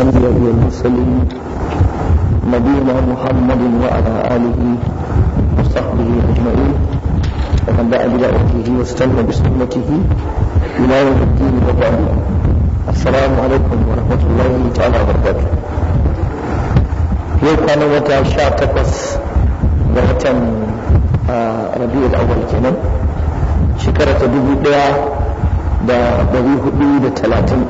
الأنبياء والمرسلين نبينا محمد وعلى آله وصحبه أجمعين ومن دعا بدعوته واستنى بسنته إلى يوم الدين وبعد السلام عليكم ورحمة الله تعالى وبركاته يوم كان wata sha takwas ga watan rabi'ul awwal kenan shekara da ɗari hudu da talatin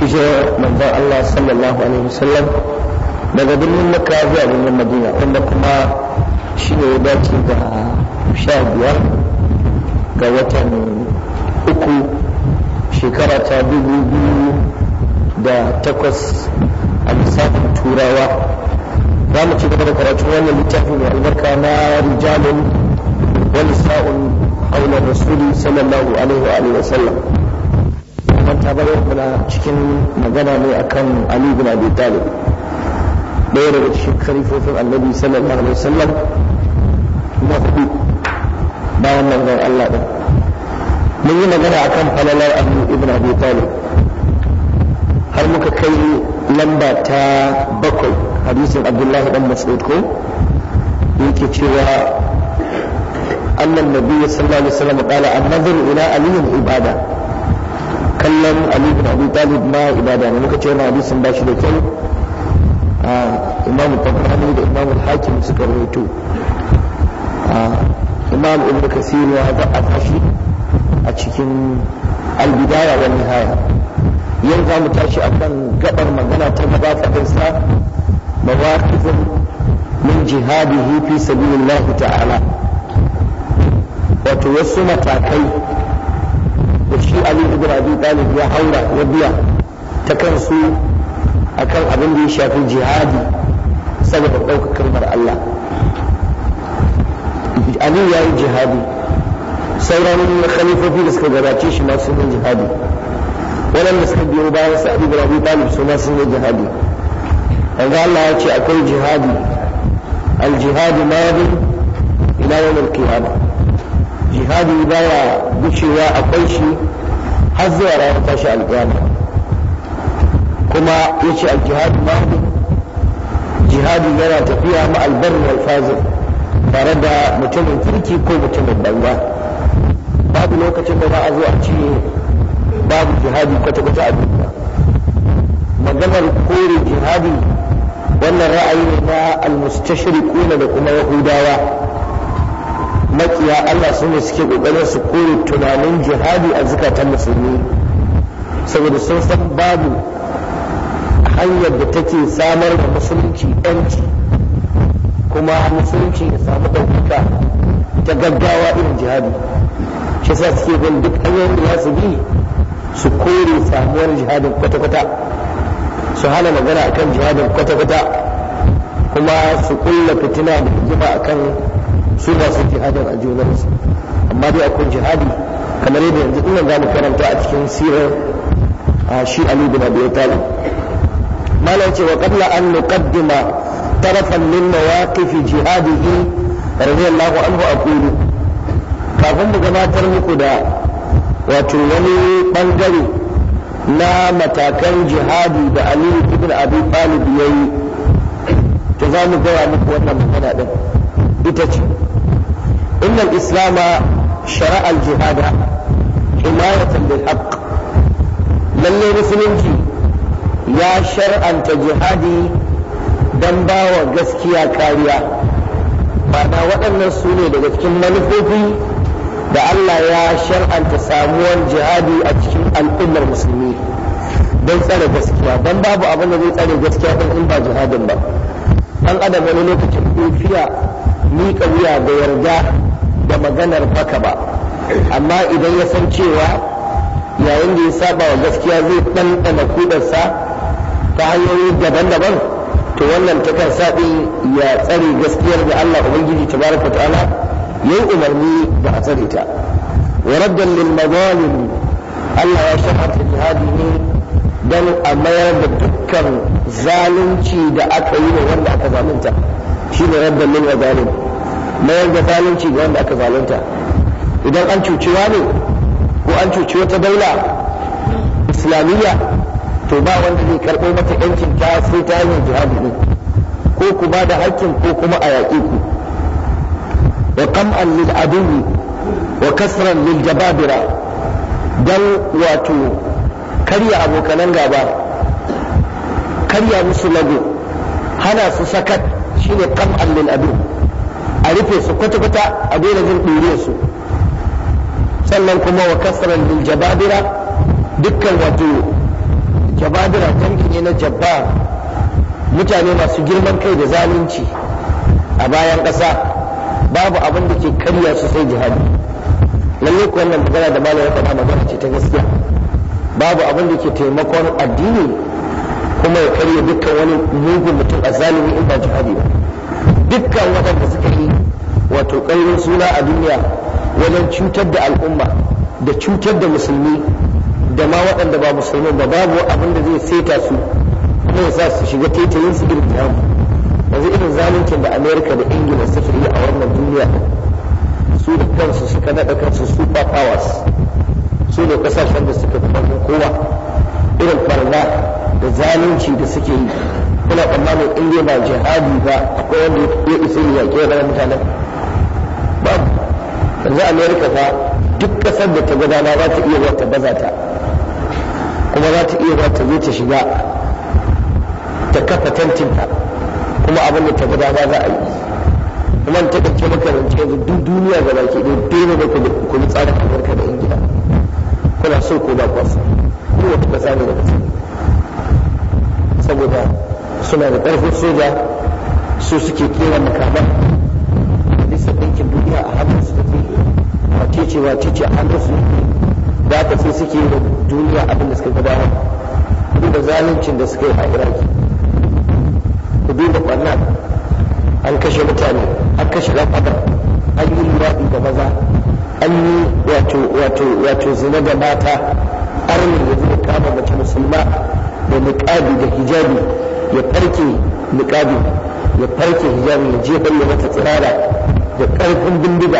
hijirar manzon Allah sallallahu alaihi wasallam daga birnin Makka zuwa birnin Madina wanda kuma shi ne ya dace da sha biyar ga watan uku shekara ta dubu biyu da takwas a lissafin turawa za mu ci gaba da karatun wannan littafin mai albarka na rijalin Wani ونساء حول الرسول alaihi wa عليه وآله وسلم من تبرع من cikin magana ne akan Ali bin Abi Talib ɗaya daga cikin khalifofin Annabi sallallahu alaihi wa wasallam kuma hudu bayan manzon Allah din mun yi magana akan falalar Ali ibn Abi Talib har muka kai lamba ta bakwai hadisin Abdullahi dan Mas'ud ko yake cewa أن النبي صلى الله عليه وسلم قال النظر إلى علي عبادة كلم علي بن أبي طالب ما عبادة يعني ممكن تقول حديث باش لكي آه إمام الطبراني الإمام الحاكم سكر ويتو آه إمام ابن كثير وضعف شيء أتشكين البداية والنهاية يرجع متاشي أكبر قبر مغنى تنبات أبنسا مواقف من جهاده في سبيل الله تعالى wato wasu matakai da shi ali ibn abi talib ya haura ya biya ta kansu akan abin da ya shafi jihadi saboda ɗaukar kalmar Allah ali ya yi jihadi sauran khalifofi da suka gabace shi masu yin jihadi waɗanda suka biyo bayan sa ali ibn abi talib su ma sun yi jihadi yanzu Allah ya ce akwai jihadi al-jihadu madin ila yawm al-qiyamah jihadi baya gucewa akwai shi har zuwa ranar tashi alƙiyama kuma ya ce aljihadi mahdi jihadi yana tafiya ma albar alfazir tare da mutumin kirki ko mutumin banga. babu lokacin da za a zo a ce babu jihadi kwata-kwata a duniya maganar kore jihadi wannan ra'ayi ne na almustashriquna da kuma yahudawa makiya Allah su ne suke kokarin su kore tunanin jihadi a zukatan musulmi saboda sun san babu hanyar da take samar da musulunci yanci kuma musulunci ya samu ɗaukaka ta gaggawa irin jihadi shi sa suke bin duk hanyar da su bi su kore samuwar jihadin kwata-kwata su hana magana akan jihadin kwata-kwata kuma su kulla fitina da hikima akan su ba su jihadin a junansu amma dai akwai jihadi kamar yadda yanzu ina za mu karanta a cikin sirar shi ali bin abi talib malam ce wa qabla an nuqaddima tarafan min mawaqif jihadihi radiyallahu anhu aqulu kafin mu gabatar muku da wato wani bangare na matakan jihadi da aliyu ibn abi talib yayi to za mu gaya muku wannan magana din ita ce إن الإسلام شرع الجهاد حماية للحق من مسلمتي يا شرع أنت جهادي دنبا وغسكيا كاريا ma'ana waɗannan su ne daga cikin manufofi da Allah ya shar'anta samuwar jihadi a cikin al'ummar musulmi don tsare gaskiya don babu abin da zai tsare gaskiya ɗin in ba jihadin ba An adama wani lokacin ɗofiya miƙa wuya da yarda da maganar baka ba amma idan ya san cewa yayin da ya saba wa gaskiya zai ɗanɗana kudarsa ta hanyoyi daban-daban to wannan takan sa ɗin ya tsare gaskiyar da Allah Ubangiji tabaraka ta'ala ya yi umarni da a tsare ta wa raddan lil mazalim Allah ya shaharta jihadi ne don a mayar da dukkan zalunci da aka yi wa wanda aka zalunta shine raddan lil mazalim mayar da zalunci ga wanda aka zalunta idan an cuci ne ko an cuci wata daula islamiyya to ba wanda zai karɓo mata yancin ta sai ta hanyar jihadi ne ko ku ba da hakkin ko kuma a yaƙi ku wa kam'an lil aduwi wa kasran lil jababira dan wato karya abokanan gaba karya musu lago hana su sakat shine kam'an lil aduwi a rufe su kwata-kwata a daina jin ɗuriyar su sannan kuma wa kasaran bil jabadira dukkan wato jabadira tankin ne na jabbar mutane masu girman kai da zalunci a bayan ƙasa babu abin da ke karya su sai jihadi lalle ku wannan magana da malam ya faɗa magana ce ta gaskiya babu abin da ke taimakon addini kuma ya karya dukkan wani mugun mutum a zalimi in ba jihadi ba dukkan waɗanda suka yi wato ƙarfin suna a duniya wajen cutar da al'umma da cutar da musulmi da ma waɗanda ba musulmi ba babu abin da zai saita su kuma ya sa su shiga taitayin su irin tamu yanzu irin zaluncin da amerika da ingila suka yi a wannan duniya su da kansu suka naɗa kansu super powers su ne kasashen da suka fi kowa irin farna da zalunci da suke yi kuna tsammanin in dai ba jihadi ba akwai wanda ya isa ya yaƙi wa mutanen babu yanzu amerika fa duk ƙasar da ta gudana za ta iya wata baza ta kuma za ta iya wata zai ta shiga ta kafa tantinta kuma abin da ta gudana za a yi kuma ta ɗauke maka rance yanzu duk duniya ga baki ɗaya dole da ku bi tsarin amurka da ingila kuna so ko ba kwasa kowace ƙasa ne da saboda suna da ƙarfin soja su suke kera makaman bisa ɗinkin duniya a hannun su take a cewa tece a hannun su da aka sai suke da duniya abin da suka gudanar da zaluncin da suka yi a iraki ku duba ɓarnar an kashe mutane an kashe rafadar an yi luwaɗi da maza an yi wato zina da mata arni da zai kama mace musulma da niƙabi da hijabi ya farke niqabi ya farke hijabi ya je bayyana mata tsirara da karfin bindiga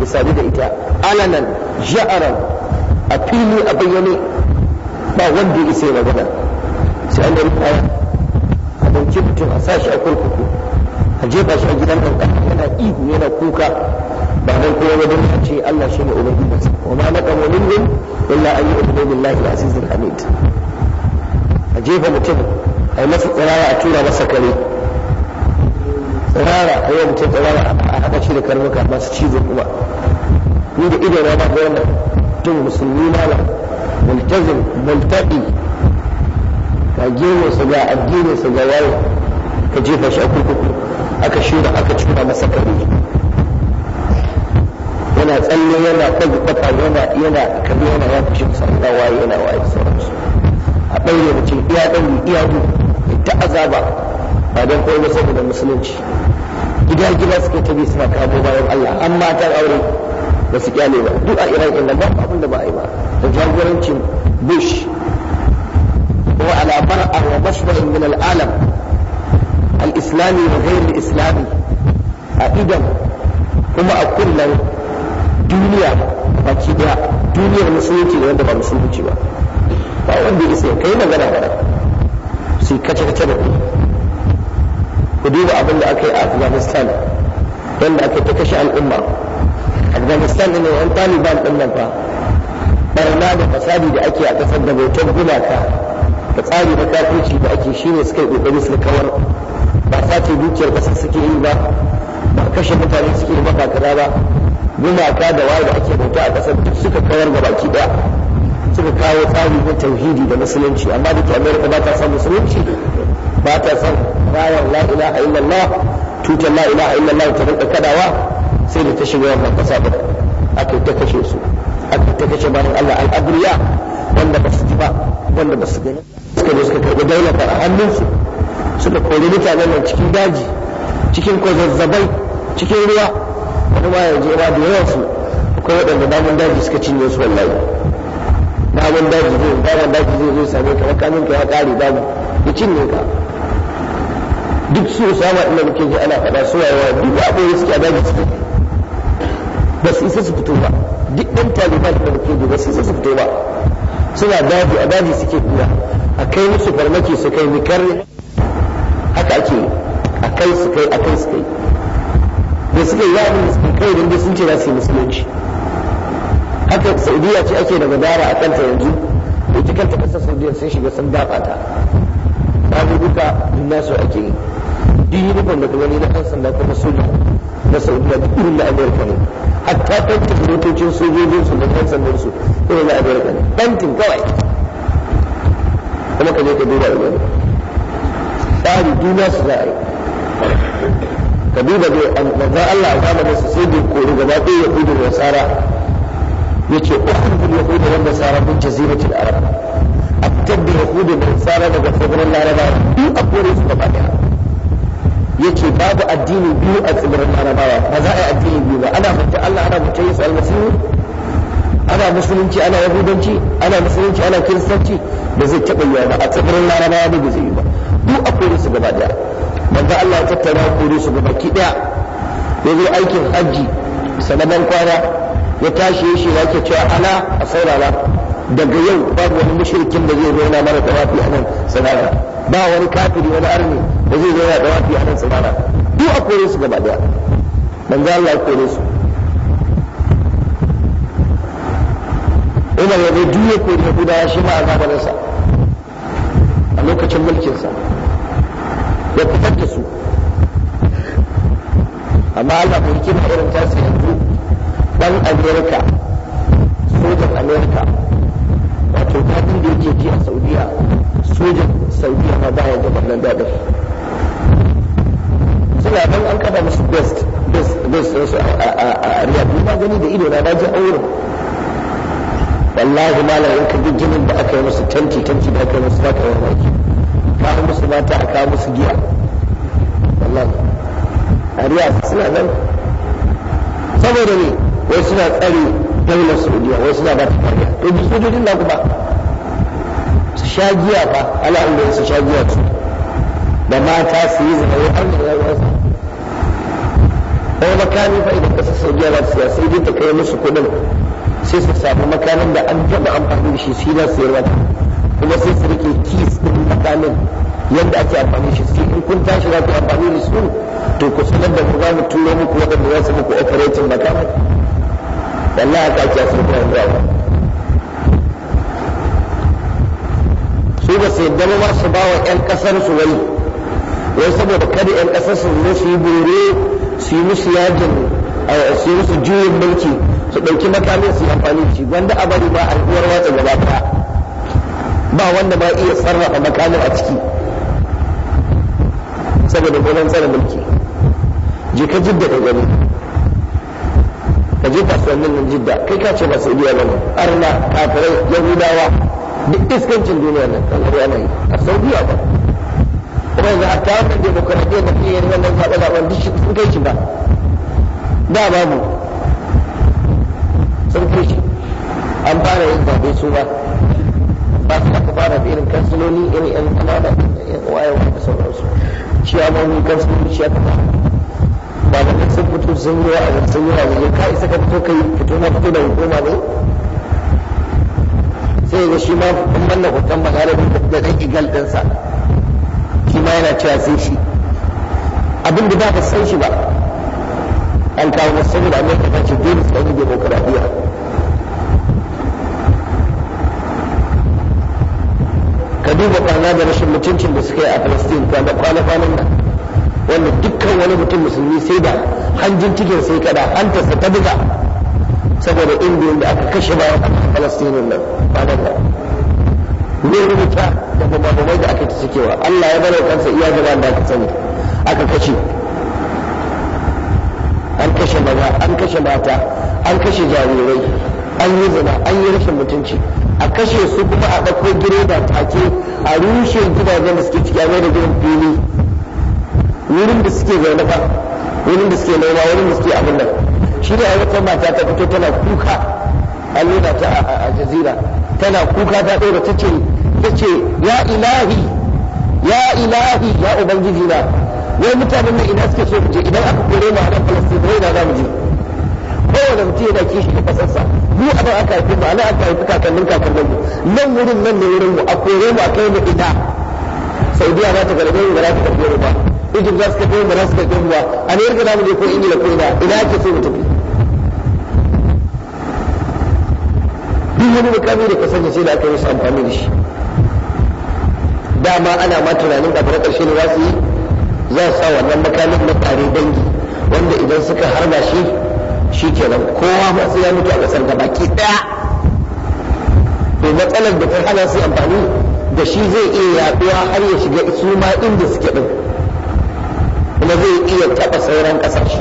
ya sadu da ita alanan ja'aran a fili a bayyane ba wanda ya isa ya magana sai an dari kaya a dauki mutum a sashi a kurkuku a jefa shi a gidan ɗanka yana ihu yana kuka ba dan kowa ba dan ce Allah shine ubangiji wa ma na naqamu minhum illa an yu'minu billahi al-aziz al-hamid a jefa mutum a masa tsirara a tura masa kare tsirara a yau mutum tsirara a haɗa shi da karnuka masu cizo kuma ni da ido na ga wannan tun musulmi mala multazim multaqi ka gero sa ga addini sa ga yawo ka jefa shi a kurkuku aka shura aka tura masa kare yana tsalle yana kwata yana yana kabi yana ya fushi musamman waye yana waye sauransu a ɗaure mutum iya ɗaure iya duhu ta azaba ba don koyi ba saboda musulunci gida gida suke tabi suna kawo bayan Allah an matan aure ba su kyale ba duk a iran inda ba abin da ba a yi ba da jagorancin bush kuma alabar a wa mashbahin min al'alam al-islami wa ghairu islami a idan kuma a kullum duniya baki daya duniyar musulunci da wanda ba musulunci ba ba wanda ya sai kai magana ba kace-kace da ku ku duba abin da aka yi a afghanistan yadda aka ta kashe al'umma afghanistan ne yan taliban din nan fa barna da fasadi da ake a kasar da bautar gumaka da tsari na kafirci da ake shine suka yi kokari su kawar ba sace dukiyar kasar suke yi ba ba kashe mutane suke yi ba ba gumaka da waye da ake bauta a kasar duk suka kawar ga baki daya suka kawo tsari na tauhidi da musulunci amma da ke amerika ba ta son musulunci ba ta son bayan la ilaha illallah tutar la ilaha illallah ta rinka kadawa sai da ta shiga wannan kasa da aka ta kashe su aka ta kashe bayan allah al'aduriya wanda ba su ji ba wanda ba su gani suka zo suka karɓi daular a hannunsu suka kori mutane nan cikin daji cikin kwazazzabai cikin ruwa wani ma yanzu ma da yawansu akwai waɗanda namun daji suka cinye su wallahi kamun daji zai daman daji zai zo same ka makamin ka ya kare babu ya cinye ka duk su sama ina muke ji ana faɗa su wayewa duk abubuwa suke a daji suke ba su isa su fito ba duk ɗan taliban da muke ji ba su isa su fito ba suna daji a daji suke kura a kai musu farmaki su kai mikar haka ake a kai su kai a kai su kai da suke yi yaɗin da suka kai da sun ce za su yi musulunci haka saudiya ce ake da gudara a kanta yanzu to ita kanta kasar saudiya sai shiga sun dafa ta babu duka su ake yi duk yunifon da wani na kansan da kuma soja na saudiya duk irin na amerika ne hatta ɗantin motocin sojojin su da kansan da su irin na amerika ne ɗantin kawai kuma ka je ka duba da wani tsari duniya su za a yi ka duba da manzan Allah a zamanin su sai da kori gaba ɗaya ya kudu da tsara yace ukhrijul yahud wal nasara min jaziratil arab aktab da yahud da nasara daga tsibirin larabawa duk a kore su gaba daya yace babu addini biyu a tsibirin larabawa ba za a yi addini biyu ba ana mutu Allah ana mutu Yesu almasihu ana musulunci ana yahudanci ana musulunci ana kiristanci da zai taɓa yiwa ba a tsibirin larabawa ne ba zai yi ba duk a kore su gaba daya manzo Allah ya tattara kore su gaba ki daya yazo aikin hajji sanadan kwana ya tashi ya shiga ke cewa ala a saurara daga yau babu wani mushrikin da zai zauna mara tawafi a nan sanara ba wani kafiri wani arni da zai zauna da wafi a nan sanara duk a kore su gaba daya manzo Allah ya kore su Umar ya zo duk ya kore Yahudawa shi ma a zamaninsa a lokacin mulkinsa ya fitar da su amma Allah bai kima irin tasiri ɗan amerika sojan amerika wato kafin da yake ji a saudiya sojan saudiya ma baya ga wannan dadin suna nan an kada musu best best best su a riyadu na gani da ido na ji auren wallahi malam yanka ka bi da aka yi musu tanti tanti da aka yi musu zaka yi mamaki kawo musu mata a kawo musu giya wallahi a riyadu suna nan saboda ne wai suna tsare daular saudiya wai suna ba ta kariya to duk sojojin na kuma su sha giya fa ala'in da su sha giya su da mata su yi zama wai an da yawon sa wai makami fa idan kasar saudiya ba su sai dai ta kai musu kuɗin sai su samu makamin da an taɓa amfani da shi su sai na sayar mata kuma sai su rike kis ɗin makamin yadda ake amfani shi sai in kun tashi za ku amfani da su to ku sanar da ku za mu turo muku waɗanda za su muku operating makamin wallahi a ce sun kuma zuwa su ba su yadda ma su ba wa 'yan kasar su wai saboda kada 'yan kasar su zo su yi bore su yi musu yajin su yi musu juyin mulki su ɗauki makamin su yi amfani shi wanda a bari ba al'uwar wata gaba ta ba wanda ba iya sarrafa makamin a ciki saboda gonan tsara mulki je ka jidda gani ka je kasuwannin nan jidda kai ka ce ba sai ba ne arna kafirai yahudawa duk iskancin duniya nan kalmar yana yi a saudiya ba kuma yanzu hatta wannan demokaradiyyar da fiye wannan zaɓe-zaɓen duk sun kai shi ba da babu sun kai shi an fara yin zaɓe su ba ba su aka fara da irin kansiloli irin yan kanada yan wayewa da sauransu shi a mawuni kansiloli shi aka fara da sun fito sun yi a sun yi wajen ka isa ka fito kai fito na fito da hukuma ne sai ga shi ma kun manna hutan magarabin da kan igal ɗinsa shi ma yana cewa sai shi abin da ba ka san shi ba an kawo wasu saboda amurka ta ce dole su ɗauki demokuraɗiya. ka duba kwana da rashin mutuncin da suka yi a palestine kwana kwana nan wanda dukkan wani mutum musulmi sai da hanjin cikin sai kada hantarsa ta buga saboda indiyan da aka kashe ba a falastinin nan da ba ne rubuta da bambamai da aka ta cikewa allah ya bane kansa iya gaba da aka sani aka kashe an kashe maza an kashe mata an kashe jarirai an yi zina an yi rashin mutunci a kashe su kuma a ɗauko gireda take a rushe gidajen da suke ciki a mai da gidan fili wurin da suke zaune fa wurin da suke noma wurin da suke abin nan shi ne a wata mata ta fito tana kuka a nuna ta a jazira tana kuka ta ɗora ta ce ta ce ya ilahi ya ilahi ya ubangiji na wai mutanen nan ina suke so mu je idan aka kore mu a nan falastin wai na za mu je kowane mutum yana kishi da kasarsa mu a nan aka haifi mu a nan aka haifi kakannin kakannin mu nan wurin nan ne wurin mu a kore mu a kai mu ita saudiya za ta garbe mu ba za ta karbe mu ba egypt za su kai ba za su kai ba america za mu je ko ingila ko ina ina ake so mu tafi duk wani mukami da ka sanya sai da aka yi su amfani da shi dama ana ma tunanin abu na ƙarshe ne za su yi za su sa wannan makamin na tare dangi wanda idan suka harba shi shi nan kowa ma sai ya mutu a ƙasar da baki ɗaya to matsalar da ta hana su amfani da shi zai iya yaɗuwa har ya shiga su ma inda suke ɗin kuma zai iya taɓa sauran ƙasashe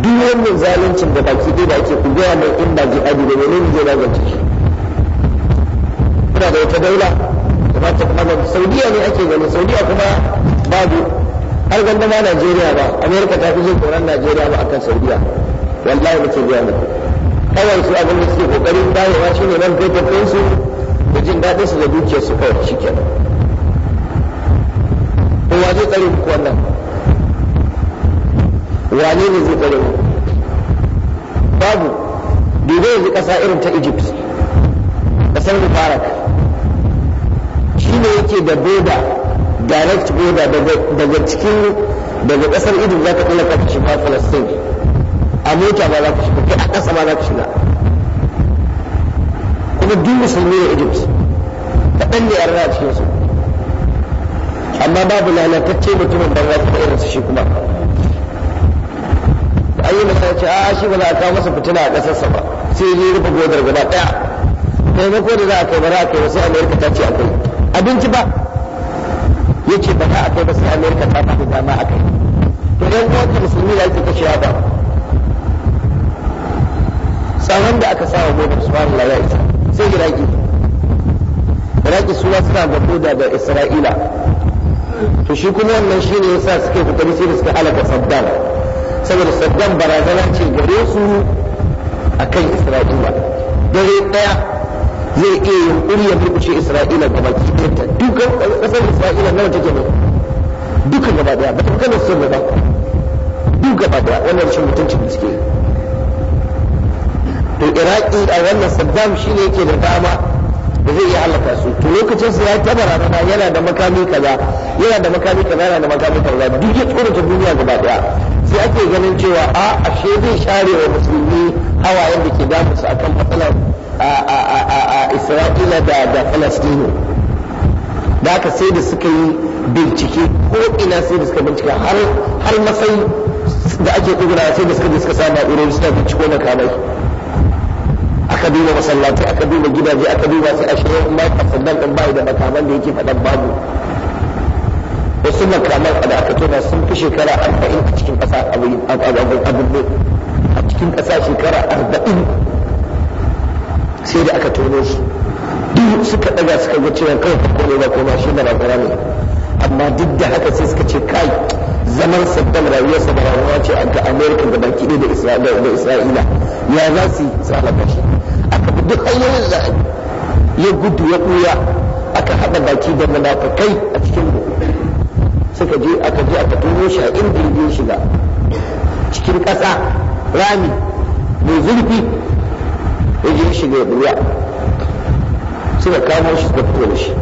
duk wannan zaluncin da baki dai da ake ku gaya mai inda ji jihadi da menene zai magance shi kuna da wata daula da ta kuma saudiya ne ake gani saudiya kuma babu har ganda ma najeriya ba amerika ta fi jin tsoron najeriya ba akan saudiya wallahi muke gaya muku kawai su abin da suke kokarin shi shine nan kai su da jin daɗin su da dukiyarsu su shi kenan wa zai tsare muku wannan wane ne zai tsare muku babu dubai yanzu kasa irin ta egypt kasar mubarak shi ne yake da boda direct boda daga cikin daga kasar idin za ka tsallaka ta shiga falastin a mota ba za ka shiga kai a ƙasa ba za ka shiga kuma duk musulmi ne egypt kaɗan ne a rana cikinsu amma babu lalatacce mutumin ban wasu da su shi kuma ayyuka sai ce a shi ba za a kawo masa fitina a ƙasarsa ba sai yi rufe godar gaba ɗaya taimako da za a kai ba za a kai ba sai amerika ta ce akwai abinci ba ya ce ba za a kai ba sai amerika ta fi dama a kai to yan kowace musulmi da ake kashe ba tsawon da aka sawa gobe su fara lalai sai iraki iraki suna suna gabo da isra'ila to shi kuma wannan shi ne yasa suke kokari sai da suka halaka saddam saboda saddam barazana ce gare su a kan isra'ila dare daya zai iya yin ya burkushe isra'ila ga baki ɗayanta dukan kasar isra'ila na wata jami'a duka gaba daya ba ta kana su ba duk gaba ɗaya wannan shi mutuncin da suke to iraki a wannan saddam shi ne yake da dama da zai iya halaka su to lokacin su ya taba rana yana da makami kaza yana da makami kaza yana da makami kaza duk ya ta duniya gaba daya sai ake ganin cewa a ashe zai share wa musulmi hawayen da ke damu su akan matsalar a Isra'ila da da da aka sai da suka yi bincike ko ina sai da suka bincike har har da ake kudura sai da suka je suka samu a irin suna binciko makamai aka duba masallaci aka duba gidaje aka duba su a shirin in ba sandan din bai da makaman da yake faɗan babu wasu makaman da aka tona sun fi shekara arba'in a cikin ƙasa abin a cikin ƙasa shekara arba'in sai da aka tono su duk suka ɗaga suka ga cewa kawai ko ne ba ko ma shi da ba ne amma duk da haka sai suka ce kai zaman saddam rayuwarsa da rayuwa ce a ga amerika da baki da isra'ila ya za su yi halaka shi aka bi duk hanyoyin da ya gudu ya ɓuya aka haɗa baki da munafukai a cikin suka je aka je aka turo shi a inda ya shiga cikin ƙasa rami mai zurfi ya je shiga ya ɓuya suka kamo shi da fito da shi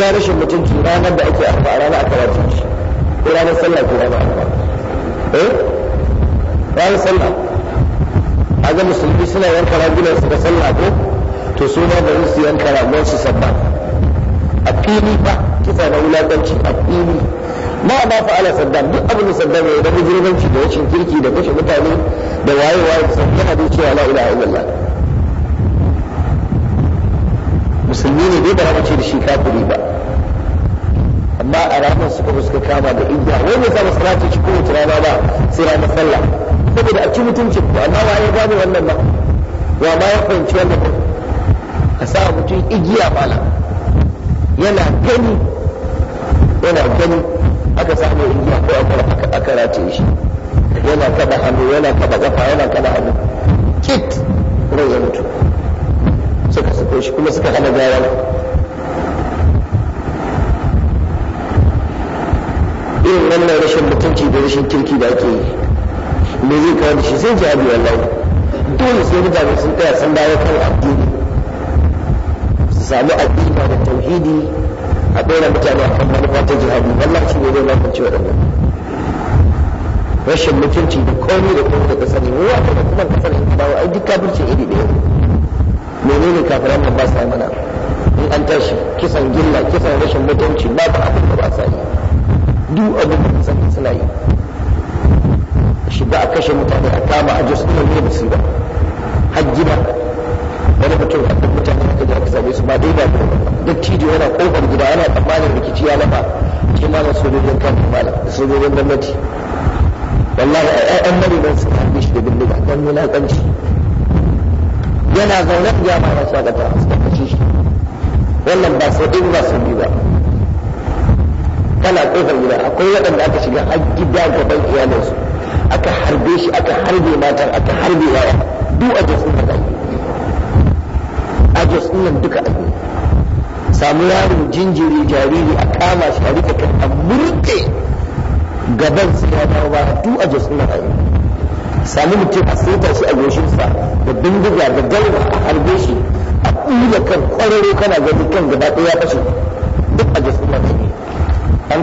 ya rashin mutunci ranar da ake a ranar a karatun shi ko ranar sallah ko ranar arfa eh ranar sallah kaga musulmi suna yanka ragunan su da sallah ko to su ma bari su yanka ragunan su sabba a fili ba kisa na wulakanci a fili ma ma fa'ala saddam duk abin da saddam ya yi da mujirbanci da rashin kirki da kashe mutane da waye waye da sabbin hadin cewa la ilaha illallah musulmi ne bai bara ce da shi kafiri ba ba a ranar suka fuska kama da igiya wani ya samu sarati shi kowace rana ba sai ranar sallah saboda a ci mutuncin ko amma ba ya gane wannan ba wa ma ya fahimci wannan ba a sa mutum igiya bala yana gani yana gani aka samu igiya ko aka aka rataye shi yana kada hannu yana kada kafa yana kada hannu kit rai ya mutu suka suka shi kuma suka hana gawa irin wannan rashin mutunci da rashin kirki da ake yi me zai kawo da shi sai abu wallahi dole sai mutane sun tsaya sun dawo kan addini su sami addini da tauhidi a ɗora mutane a kan manufa ta jihadi wallahi shi ne zai magance wannan rashin mutunci da komai da komai da ƙasar ne wa da kuma ƙasar ne ba wai duk kafirci iri ɗaya menene kafiran nan ba sa mana in an tashi kisan gilla kisan rashin mutunci ba abin da ba sa yi duk abin da sun suna yi shiga a kashe mutane a kama a jos ɗin da musu ba har gida wani mutum a duk mutane da kaji aka same su ba dai ba duk cijo yana kofar gida yana tsammanin rikici ya lafa ke mana sojojin kan da sojojin gwamnati wallahi a ƴaƴan marinan su kan shi da bindiga don wulaƙanci yana zaune ya ma ya shagata a suka kashe shi wannan ba sau ɗin ba sau biyu ba tana kofar gida akwai waɗanda aka shiga har gida gaban iyalinsu aka harbe shi aka harbe matan aka harbe yaya duk a jos ɗin da a jos ɗin duka ake samu yaro jinjiri jariri a kama shi a rike kan a murke gaban su ya dawo ba duk a jos ɗin da samu mutum a saita shi a goshinsa da bindiga da galba a harbe shi a ɗuya kan kwararo kana gani kan gaba ɗaya ya fashe duk a jasunan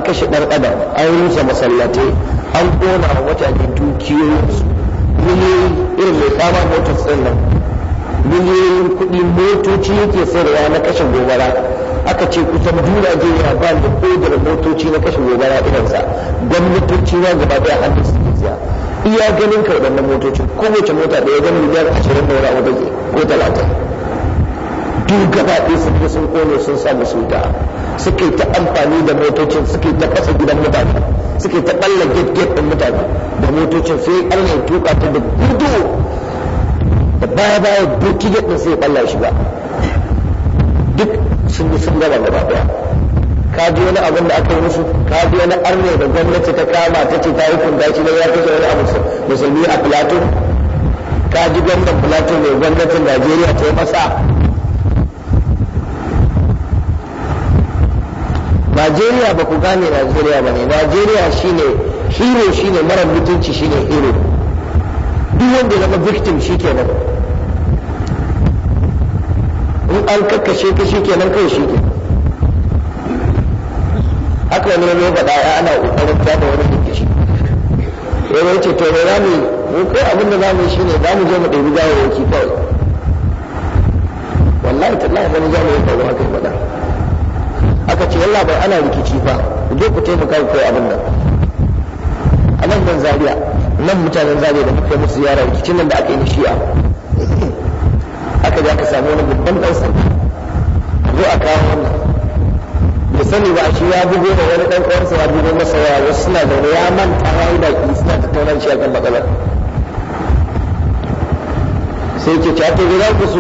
kashe ɗan adam an rusa masallatai an kona wa ne dukiyoyinsu miliyoyin irin mai kama motar tsin nan miliyoyin kuɗi motoci yake sayarwa na kashe gobara aka ce kusan juna ya ba da kodar motoci na kashe gobara irinsa gwamnatoci na gaba daya hannun su ke siya iya ganin karɓar motocin kowace mota ɗaya gan miliyan ashirin da wani abu ko talatin duk gaba ɗaya su fi sun kone sun sa musu wuta suke ta amfani da motocin suke ta fasa gidan mutane suke ta get get din mutane da motocin sai allah ya tuka ta da gudu da baya baya burki gate ɗin sai ya ɓalla shi ba duk sun yi sun gaba gaba ɗaya ka ji wani abin da aka yi musu ka ji wani arne da gwamnati ta kama ta ce ta yi kunda shi ne ya kashe wani abu musulmi a plateau ka ji gwamnan plateau mai gwamnatin najeriya ta yi masa Najeriya ba ku gane Najeriya ba ne Najeriya shine hero shine marar mutunci shine hero duk wanda zama victim shi ke nan in an kakkashe ka shi ke nan kai shi ke haka ne ne ba daya ana kokarin ta da wani rikici yana ce to me za mu kai abin da ne za mu je mu bi gawo yake kawai wallahi tallahi wani zamu yi kawo ka faɗa aka ce wallah bai ana rikici fa duk ku taimaka ku kai abin nan a nan ban zaria nan mutanen zaria da muka musu ziyara rikicin nan da aka yi shi'a aka ji aka samu wani babban dan sanda zo a kawo wannan da sani ba shi ya bugo da wani dan uwansa ya bugo masa waya wasu suna da ya manta ya yi baki suna tattaunan shi kan matsalar sai ke cewa ta gida ku su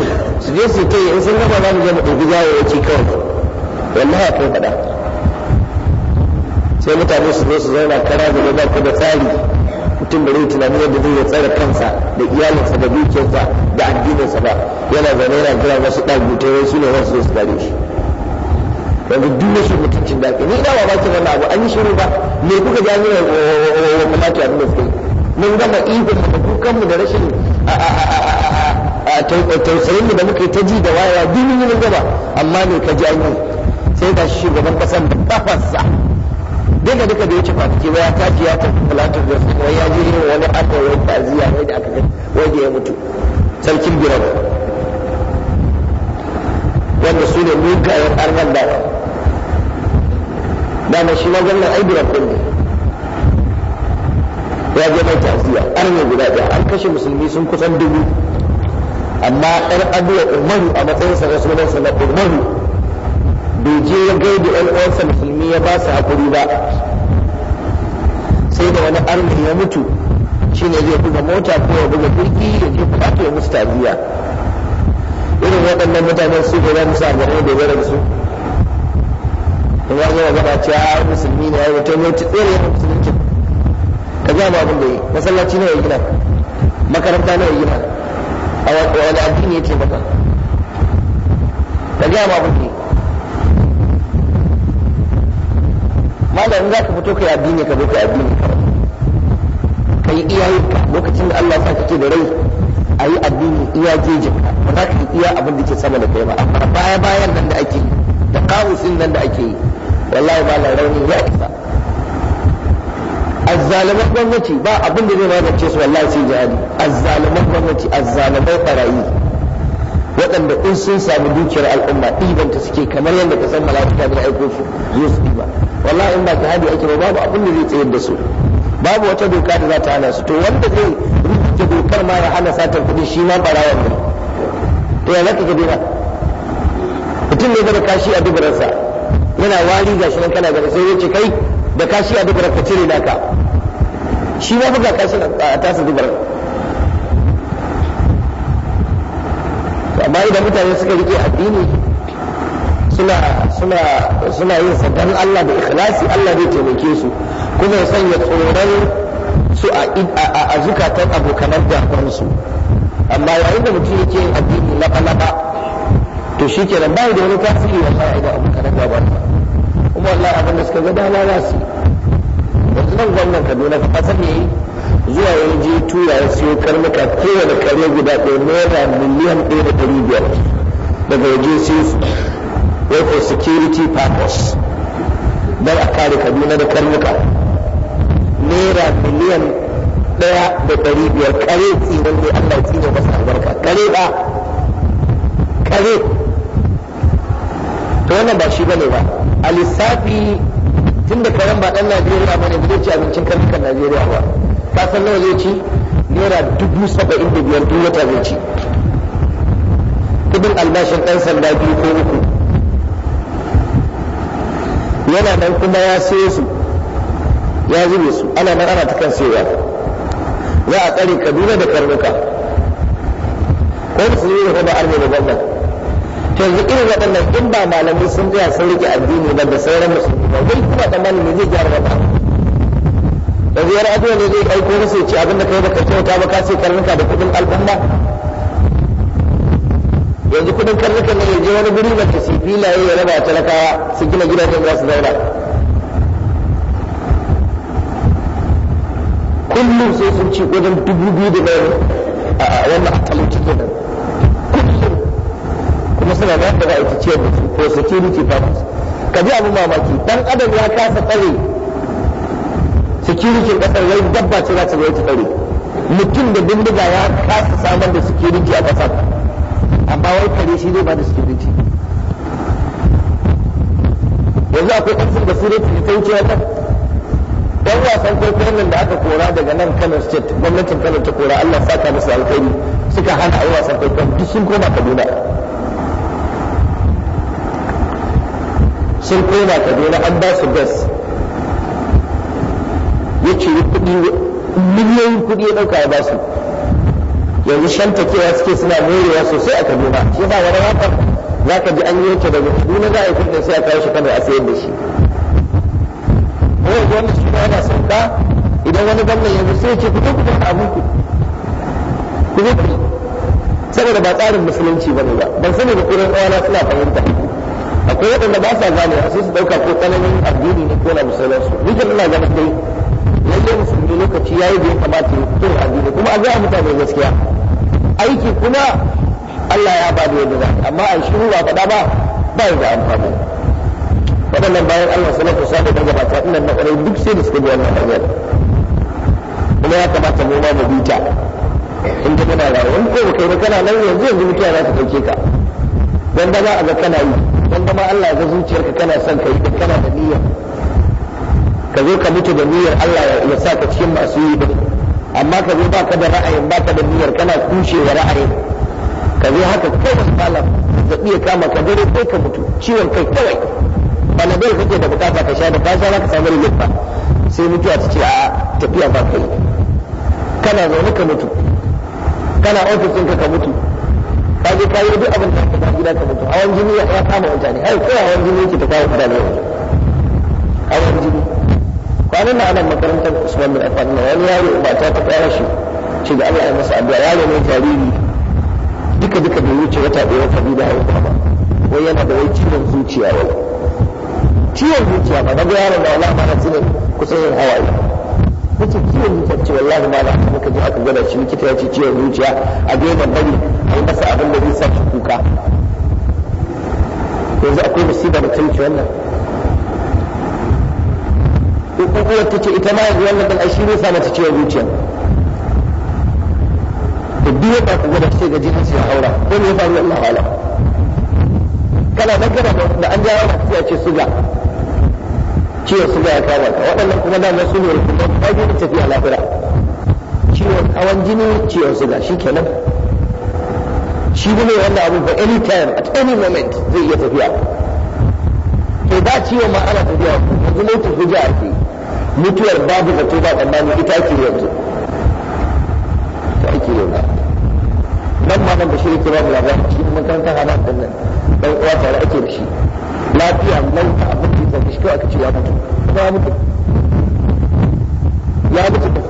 je su ta yi in sun gaba za mu je mu ɗauki jawo ya ce kawai wallahi akwai faɗa sai mutane su zo su zauna kara da ba ku da tsari mutum da zai tunanin yadda zai tsare kansa da iyalinsa da dukiyarsa da addininsa ba yana zaune yana jira wasu ɗagutai wai su ne wasu su gare shi yanzu duk wasu mutuncin da ni ina mamakin wannan abu an yi shiru ba me kuka ji an yi wa mamaki abin da suka mun gama ikon da kukanmu da rashin tausayin mu da muka yi ta ji da wayewa duk mun gama amma me ka ji an yi sai ga gaban kasar da kafarsa duka duka da ci fatike ba ya tafi ya tafi plateau da su wai ya je yin wani aka wai taziya wai da aka wai ya mutu sarkin biran wanda su ne mugayen arnan dawa dama shi ma gwamnan ai biran ne ya je mai taziya arne guda biyar. an kashe musulmi sun kusan dubu amma ɗan abuwa umaru a matsayinsa na sunansa na umaru bai je ya gaida ɗan uwansa musulmi ya ba su hakuri ba sai da wani arni ya mutu shi ne zai buga mota ko ya buga birki ya je kwato ya musu tabiya irin waɗannan mutanen su ga za sa gaba da yara da su kuma ya zo magana ce musulmi ne ya wuce ne tsere ya musulunci ka ga ma abin da yi masallaci ne ya gina makaranta ne ya gina a wani addini ya ce maka ka ga ma abin da yi malam za ka fito kai addini ka zo kai addini ka yi iyayenka lokacin da Allah sa kake da rai a yi addini iya jejinka ba za ka yi iya abin da ke sama da kai ba amma baya bayan nan da ake yi da kawusin nan da ake yi wallahi malam rauni ya isa azzaliman gwamnati ba abin da zai magance su wallahi sai jihadi azzaliman gwamnati azzalimai barayi waɗanda in sun samu dukiyar al'umma ɗibanta suke kamar yadda ka san mala'ika da aiko su zo su ɗiba wallahi in ba ka hadi ake ba babu abin da zai tsayar da su babu wata doka da za ta hana su to wanda zai rubuta dokar ma ya hana satar kuɗi shi ma barawan ne to ya zaka gaba mutum ne zama kashi a dubararsa yana wari ga shi nan kana gaba sai ya ce kai da kashi a dubarar ka cire naka shi ma buga kashi a tasa dubarar amma idan mutane suka rike addini suna yin sadan Allah da ikhlasi Allah zai taimake su kuma ya sanya tsoron su a zukatan abokanan gabansu amma yayin da mutum yake yin addini na laba to shi kenan bai da wani tasiri wa sa'i da abokanan kuma wallahi abin da suka ga da za su nan gwamnan Kaduna fa kasar ne zuwa ya je tuya ya siyo karnuka kowane karnar guda ɗaya naira miliyan ɗaya da ɗari biyar daga waje sai wai for security purpose don a kare kaduna da karnuka naira miliyan ɗaya da ɗari biyar kare tsinin ne allah tsina masa albarka kare ba kare to wannan ba shi bane ba a lissafi tun da karen ba ɗan najeriya ba ne zai ci abincin karnukan najeriya ba ba san nawa zai ci naira dubu saba'in da biyar duk wata zai ci kudin albashin ɗan sanda biyu ko uku yana nan kuma ya sayo su ya zube su ana nan ana ta kan sayowa za a tsare kaduna da karnuka ko musulmi da kuma arme da gwamna yanzu irin waɗannan in ba malamai sun tsaya sun rike addini ba da sauran musulmi ba wai kuma da malamai zai gyara ba yanzu yana abuwa ne zai aiko masa ce abinda kai baka kyauta ba ka sai karnuka da kudin al'umma yanzu kudin karnuka ne yanzu wani guri na ta filaye ya raba talakawa su gina gidajen za su zauna kullum sai sun ci wajen dubu biyu da bayan a wannan akalin cikin nan kuma suna nan da za a ita ciyar da su ko security purpose ka ji abin mamaki dan adam ya kasa tsare security kasar wai dabba ce za ta zo ta tsare mutum da bindiga ya kasa samar da security a kasar amma wai kare shi zai ba da security yanzu akwai kasar da security ta wuce wata dan wasan kwaikwayon nan da aka kora daga nan Kano state gwamnatin Kano ta kora Allah saka musu alkhairi suka hana a wasan kwaikwayon duk sun koma Kaduna sun koma Kaduna an ba su gas miliyoyin kuɗi ya ɗauka ya basu yanzu shanta kewa suke suna morewa sosai a kaduna shi ba wani haka za ka ji an yi wuce daga kaduna za a yi kudin sai a kawo shi kano a sayar da shi wani wani shi yana sauka idan wani gwamnan yanzu sai ce ku kuɗin kuɗin abin ku kuɗin saboda ba tsarin musulunci ne ba ban sani da kuɗin tsawana suna fahimta akwai waɗanda ba sa gane a sai su ɗauka ko tsananin addini ne ko na musulunci duk da ina ganin dai lalle musulmi lokaci yayi da ya kamata ya fito da addini kuma a ga mutane gaskiya aiki kuma Allah ya ba da yadda za amma a shiru ba faɗa ba ba yi da amfani waɗannan bayan Allah salatu sa da gabata ina na ƙwarai duk sai da suka biya na hanyar kuma ya kamata mu ma mu bi ta in ta kana rayuwa in ko ba kai ba kana nan yanzu yanzu mutiya za ta ɗauke ka dan dama za a ga kana yi dan ba Allah ya ga zuciyarka kana son ka yi kana da niyya ka zo ka mutu da niyyar Allah ya sa ka cikin masu yi amma ka zo ba ka da ra'ayin ba ka da niyyar kana wa ra'ayin ka zo haka wasu malam da iya kama ka dare kai ka mutu ciwon kai kawai ba na bai kake da bukata ka sha da ka sha ka samu rigar ba sai mutuwa ta ce a tafiya ba kai kana zaune ka mutu kana ofisin ka ka mutu ka je ka yi duk abin da ka gida ka mutu hawan jini ya kama mutane ai kai hawan jini yake ta kawo mutane hawan jini kwanan na ana makarantar usman bin affan na wani yaro ba ta ta kara shi ce da Allah ya masa addu'a yaro ne jariri duka duka da wuce wata ɗaya wata biyu da haihuwa ba wai yana da wai ciwon zuciya wai ciwon zuciya ba ga yaron da wala mara tsinin kusan yin hawaye nace ciwon zuciya ce wallahi ma da muka je aka gwada shi likita ya ce ciwon zuciya a daina bari a yi masa abin da zai sa kuka yanzu akwai musibar mutum ki wannan ko uwar ta ce ita ma yanzu wannan dan ashiru ne sa mata ciwon zuciya to duk wata kuma da take ga jinin sai haura ko me ya faru Allah wala kana magana da an jawo mata ce suga ciwon suga ya kama ka waɗannan kuma da su ne rukunan ba ne tafiya lafiya ciwon hawan jini ciwon suga shikenan shi ne wanda abu ba any time at any moment zai iya tafiya to da ciwon ma ana tafiya yanzu motar hujja ake mutuwar babu zato ba tsammani ita ake yanzu ita ake yanzu nan ma nan bashir yake ba mu kuma cikin makarantar hana ɗan nan ɗan uwa tare ake da shi lafiya mai ta abin da ya zafi shi kawai aka ce ya mutu kuma ya mutu ya mutu